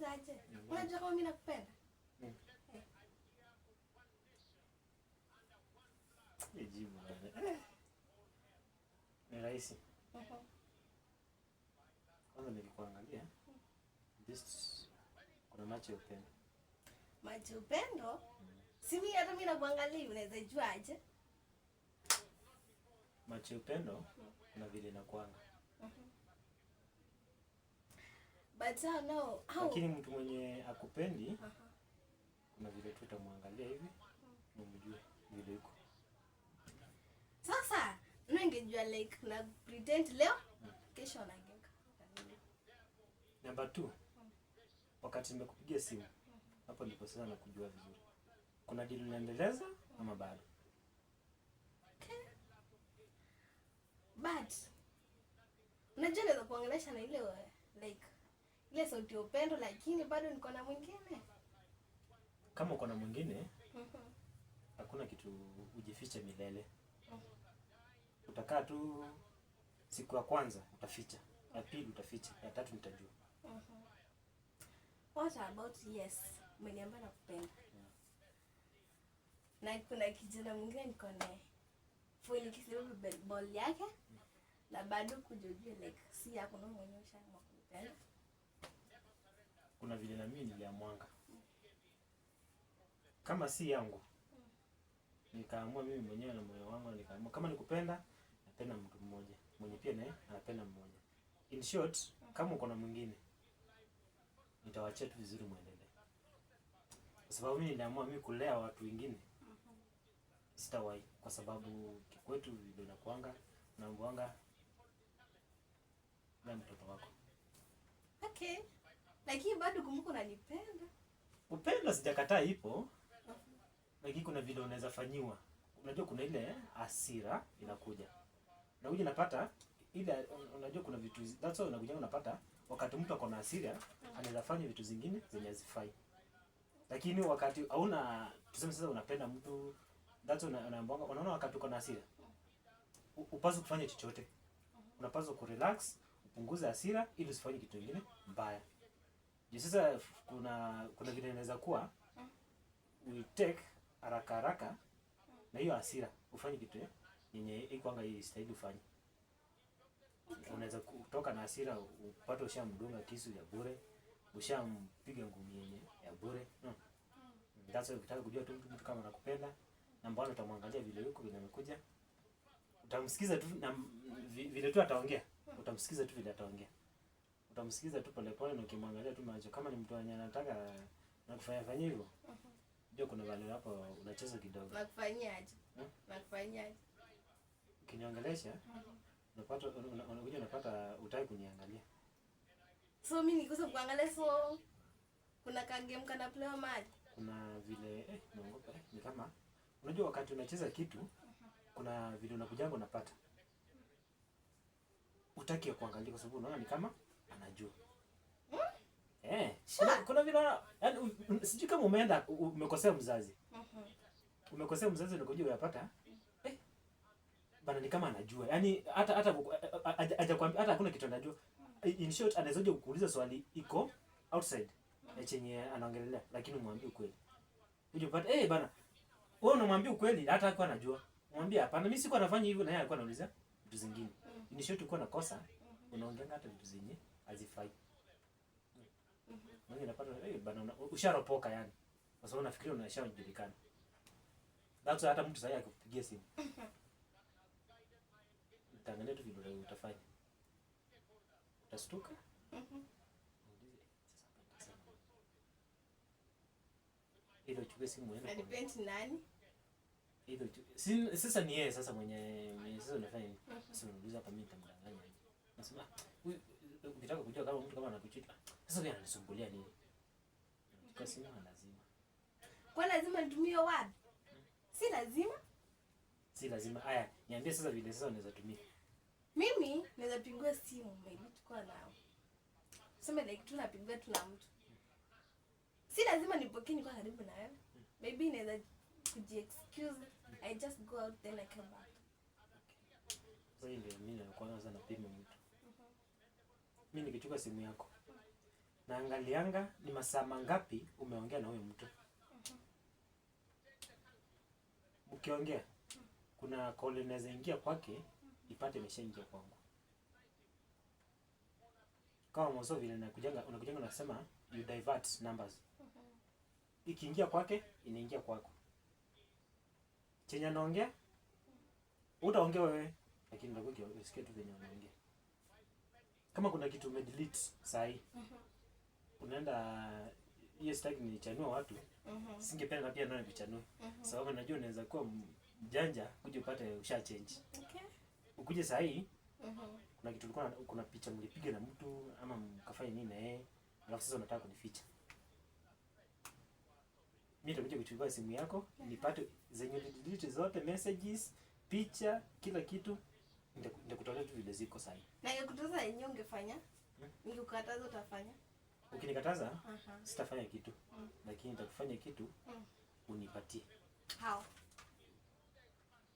Nitakuuliza aje? Unajua kama mimi nakupenda. Ni rahisi. Uh-huh. Kwanza nilikuangalia. Kuna macho ya upendo. Macho ya upendo? Si mimi hata mimi nakuangalia, unaweza jua Macho ya upendo na vile nakuanga. Uh-huh. But uh, no. How? Lakini mtu mwenye akupendi uh -huh. Kuna vile tu utamwangalia hivi uh -huh. mjue vile yuko. Sasa ningejua like na pretend leo hmm. Kesho anageuka. Namba 2. Hmm. Wakati nimekupigia simu hapo ndipo sasa nakujua vizuri. Kuna deal unaendeleza ama bado? Okay. But unajua naweza kuongelesha na ile like ile sauti ya upendo, lakini bado niko na mwingine. Kama uko na mwingine mhm. hakuna kitu ujifiche milele. Mhm. Utakaa tu, siku ya kwanza utaficha, ya pili utaficha, ya tatu nitajua. Mhm. What about yes, umeniambia nakupenda na kuna kijana mwingine niko naye full kisibu ball yake na bado kujojua like si yako na mwenyewe ushaanza kupenda kuna vile na mimi niliamwanga kama si yangu, nikaamua mimi mwenyewe na moyo wangu, nikaamua kama nikupenda, napenda mtu mmoja mwenye pia naye anapenda mmoja. In short, kama uko na mwingine nitawaachia tu vizuri, muendelee, kwa sababu mimi niliamua mimi kulea watu wengine sitawahi, kwa sababu kikwetu ndio nakuanga naambuanga na mtoto wako okay. Lakini bado kumbuka unanipenda. Upendo sijakataa ipo. Lakini kuna vile unaweza fanyiwa. Unajua kuna ile eh, hasira inakuja. Na uji napata ile unajua kuna vitu that's why unakuja unapata wakati mtu akona hasira anaweza fanya vitu zingine zenye hazifai. Lakini wakati hauna tuseme sasa unapenda mtu that's why unaambanga unaona wakati uko na hasira. Upaswa kufanya chochote. Unapaswa kurelax, upunguze hasira ili usifanye kitu kingine mbaya. Juu sasa kuna kuna vile inaweza kuwa we take haraka haraka na hiyo hasira ufanye kitu yenye ikwanga hii stahili ufanye. Unaweza kutoka na hasira upate ushamdunga kisu ya bure, ushampiga ngumi yenye ya bure. No. Mm. Sasa ukitaka kujua tu mtu kama anakupenda na mbona utamwangalia vile yuko vile amekuja. Utamsikiza tu na vile tu ataongea. Utamsikiza tu vile ataongea utamsikiza tu polepole na ukimwangalia tu macho, kama ni mtu mwenye anataka na kufanya fanya hivyo uh -huh. Ndio kuna value hapo, unacheza kidogo. Nakufanyaje? Eh? Nakufanyaje? Ukiniongelesha uh-huh. unapata unakuja unapata utaki kuniangalia, so mimi nikosa kuangalia, so kuna kagame kana play mali, kuna vile eh, naogopa eh, ni kama unajua wakati unacheza kitu uh-huh. kuna vile unakujango unapata utaki ya kuangalia kwa sababu unaona ni kama anajua eh. Kuna, kuna vile yani, sijui kama umeenda umekosea mzazi mm-hmm. umekosea mzazi unakuja unapata mm-hmm. eh, bana ni kama anajua yani, hata hata hajakwambia hata hakuna kitu anajua. Mm-hmm. In short, anaweza kukuuliza swali iko outside ya chenye anaongelelea, lakini umwambie ukweli uje upate eh, bana wewe unamwambia ukweli, hata hakuwa anajua. Mwambie hapana, mimi siko nafanya hivyo, na yeye alikuwa anauliza vitu zingine. In short, uko na kosa unaongea hata vitu zenye hazifai. Mwenye anapata hey, eh, bana una, usharopoka yani. Kwa sababu nafikiri unashajulikana. That's hata mtu sasa akikupigia simu. Tangana tu vidole utafanya. Utastuka? Mhm. Ile uchukue simu wewe. Advent nani? Ile uchukue. Sasa ni yeye sasa mwenye sasa unafanya. Sasa unauliza hapa mimi nitamdanganya. Nasema huyu ukitaka kujua kama mtu kama anakuchiti, sasa wewe ananisumbulia nini? Kwa sina lazima. Kwa lazima nitumie wapi? Si lazima. Si lazima. Haya, niambie sasa vile sasa unaweza tumia. Mimi naweza pingua simu maybe tuko nao. Sema like tunapigwa tu na mtu. Si lazima nipokee niko karibu na wewe. Maybe naweza kuji I just go out then I come back. Sasa ndio mimi nakuwa sasa napima mtu mimi nikichukua simu yako naangalianga ni masaa mangapi umeongea na huyo mtu. Mkiongea kuna call inaweza ingia kwake, ipate imeshaingia kwangu. Kama mwanzo vile nakujanga, unakujanga unasema you divert numbers, ikiingia kwake inaingia kwako. Chenye anaongea utaongea wewe, lakini ndio usikie tu venye anaongea kama kuna kitu umedelete sahi, uh mhm. -huh. unaenda hiyo ni chanua watu uh mhm. -huh. singependa na pia nawe vichanua uh mhm. -huh. sababu najua unaweza kuwa mjanja kuja upate usha change okay. ukuje sahi uh -huh. kuna kitu ulikuwa kuna picha mlipiga na mtu ama mkafanya nini na yeye, alafu sasa unataka kunificha mimi nitakuja kuchukua simu yako nipate zenye delete zote, messages, picha, kila kitu Ndikutolea tu vile ziko sahi. Na ingekutaza yenyewe ungefanya? Ningekukataza utafanya? Ukinikataza sitafanya kitu, mm. lakini nitakufanya kitu mm. unipatie. How?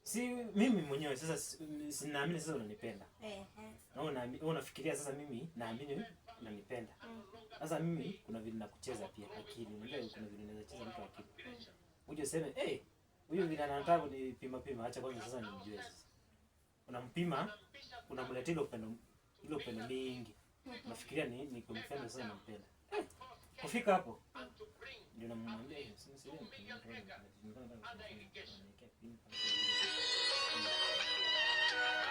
Si mimi mwenyewe sasa sinaamini sasa unanipenda. Eh. eh. Na unafikiria sasa mimi naamini unanipenda. Mm. Sasa mimi kuna vile nakucheza pia akili. Unajua kuna vile naweza cheza mtu akili. Uje useme, "Eh, huyu vile anataka kunipima pima, acha kwanza sasa nimjue sasa." unampima, unamletea ile upendo, ile upendo mingi, unafikiria ni ni kumfanya sasa nampenda. Kufika hapo ndio namwambia hiyo sasa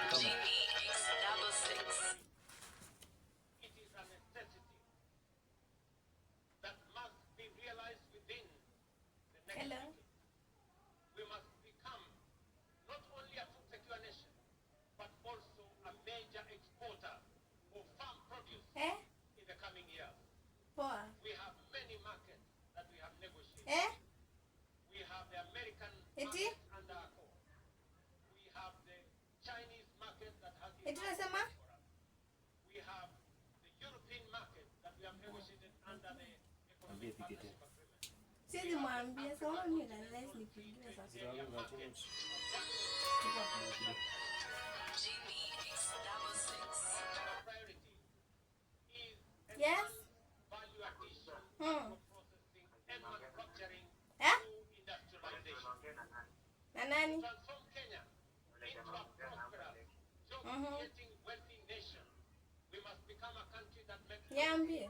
sasa ndio nipigie piga tena. Siwezi mwambia sasa ni analyze nipigie sasa. Yes. Hmm. Eh? Na nani? Niambie.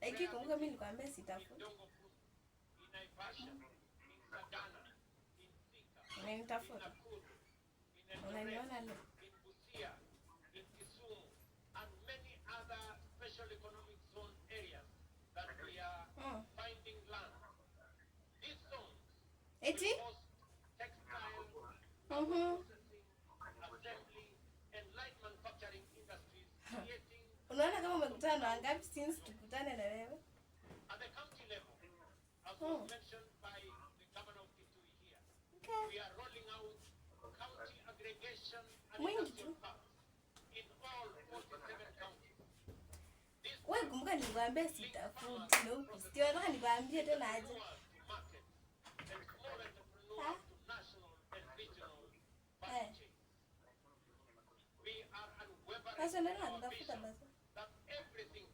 Lakini eh, kumbuka mimi nilikwambia sitafuti. Unanitafuta. Unaniona leo. Hmm. Eti? Mhm. Unaona kama umekutana na wangapi since tukutane na wewe? Hmm. Mwingi tu. Wewe kumbuka nilikwambia sitafuti na huku. Sio nataka nikwambie tena aje. Eh. Sasa ndio natafuta basi.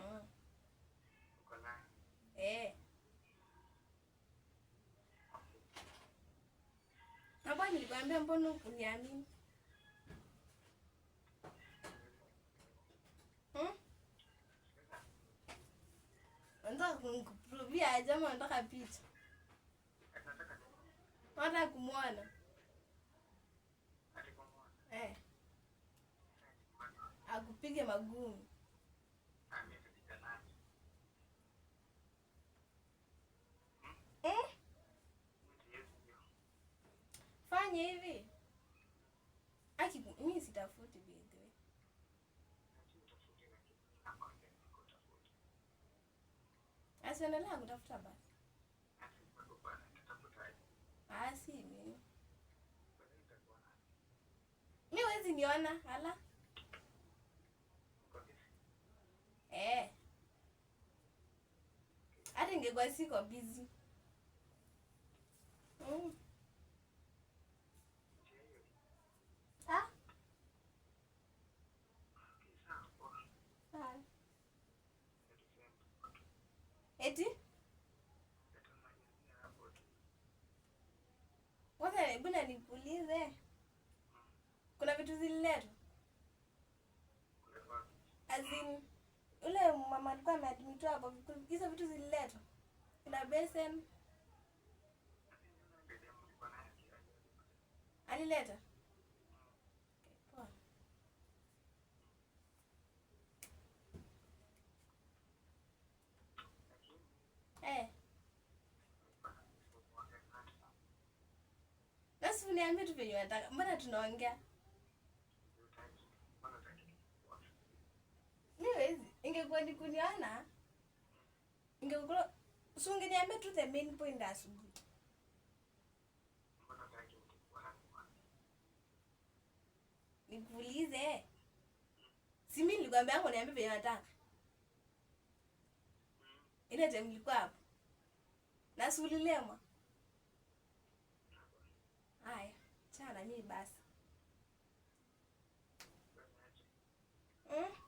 Mm. Uko naye? Eh. Abwa nilikwambia mbona hukuniamini? Hmm? Unataka kuniprovia aje picha? Unataka kumwona? Eh. Akupige magumi. Fanya hivi. Aki mimi sitafuti bibi. Asi endelea kutafuta basi. Asi mimi. Mimi wezi niona hala. Eh. Hata ingekuwa siko busy. Mm. Eti wacha, mbona nikuulize, kuna vitu zililetwa azim ule mama alikuwa ameadmitiwa hapo, hizo vitu zililetwa, kuna besen alileta niambie tu venye unataka, mbona tunaongea niwezi. Ingekuwa ni kuniona, ingekuwa si ungeniambia tu the main point asubuhi. Nikuulize, si mimi nilikwambia niambie venye unataka ile time nilikuwa hapo na si ulilemwa Haya, chana mimi basi mm.